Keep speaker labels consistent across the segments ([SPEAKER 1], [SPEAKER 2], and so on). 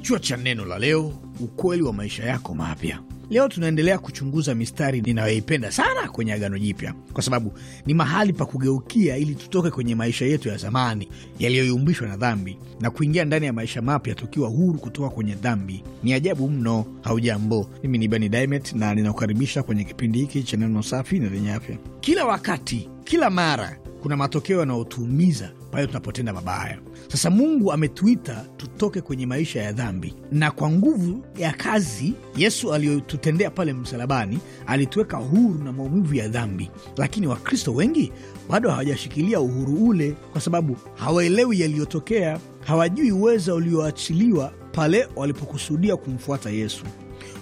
[SPEAKER 1] Kichwa cha neno la leo: ukweli wa maisha yako mapya. Leo tunaendelea kuchunguza mistari ninayoipenda sana kwenye Agano Jipya kwa sababu ni mahali pa kugeukia ili tutoke kwenye maisha yetu ya zamani yaliyoyumbishwa na dhambi na kuingia ndani ya maisha mapya tukiwa huru kutoka kwenye dhambi. Ni ajabu mno. Haujambo, mimi ni Beni Dimet na ninakukaribisha kwenye kipindi hiki cha neno safi na lenye afya. Kila wakati, kila mara kuna matokeo yanayotuumiza pale tunapotenda mabaya. Sasa Mungu ametuita tutoke kwenye maisha ya dhambi, na kwa nguvu ya kazi Yesu aliyotutendea pale msalabani alituweka huru na maumivu ya dhambi. Lakini Wakristo wengi bado hawajashikilia uhuru ule, kwa sababu hawaelewi yaliyotokea, hawajui uweza ulioachiliwa pale walipokusudia kumfuata Yesu.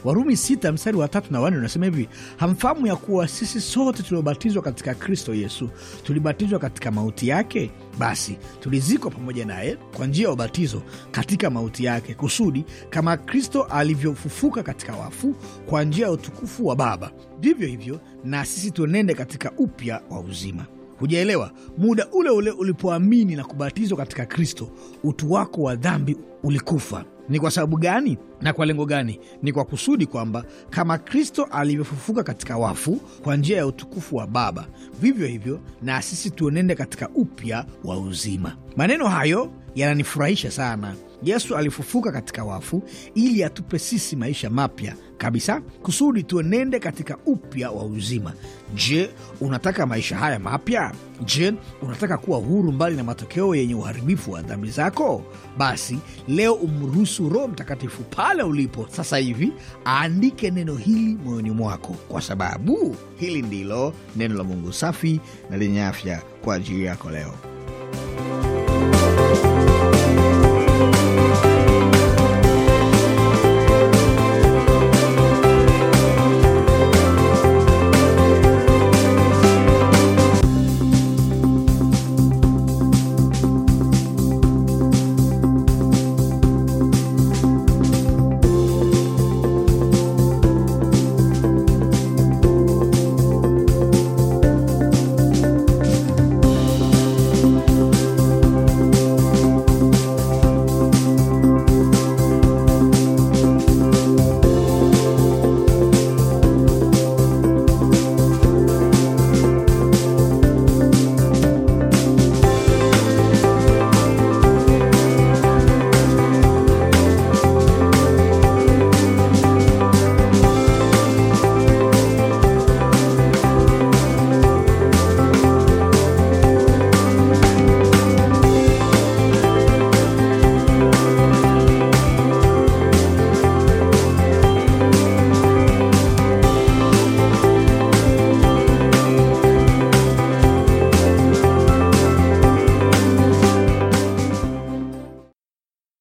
[SPEAKER 1] Warumi sita mstari wa tatu na wanne unasema hivi, hamfahamu ya kuwa sisi sote tuliobatizwa katika Kristo Yesu tulibatizwa katika mauti yake? Basi tulizikwa pamoja naye kwa njia ya ubatizo katika mauti yake, kusudi kama Kristo alivyofufuka katika wafu kwa njia ya utukufu wa Baba, vivyo hivyo na sisi tuenende katika upya wa uzima. Hujaelewa, muda ule ule ulipoamini na kubatizwa katika Kristo, utu wako wa dhambi ulikufa. Ni kwa sababu gani na kwa lengo gani? Ni kwa kusudi kwamba kama Kristo alivyofufuka katika wafu kwa njia ya utukufu wa Baba, vivyo hivyo na sisi tuenende katika upya wa uzima. Maneno hayo yananifurahisha sana. Yesu alifufuka katika wafu ili atupe sisi maisha mapya kabisa, kusudi tuenende katika upya wa uzima. Je, unataka maisha haya mapya? Je, unataka kuwa huru mbali na matokeo yenye uharibifu wa dhambi zako? Basi leo umruhusu Roho Mtakatifu pale ulipo sasa hivi aandike neno hili moyoni mwako, kwa sababu hili ndilo neno la Mungu safi na lenye afya kwa ajili yako leo.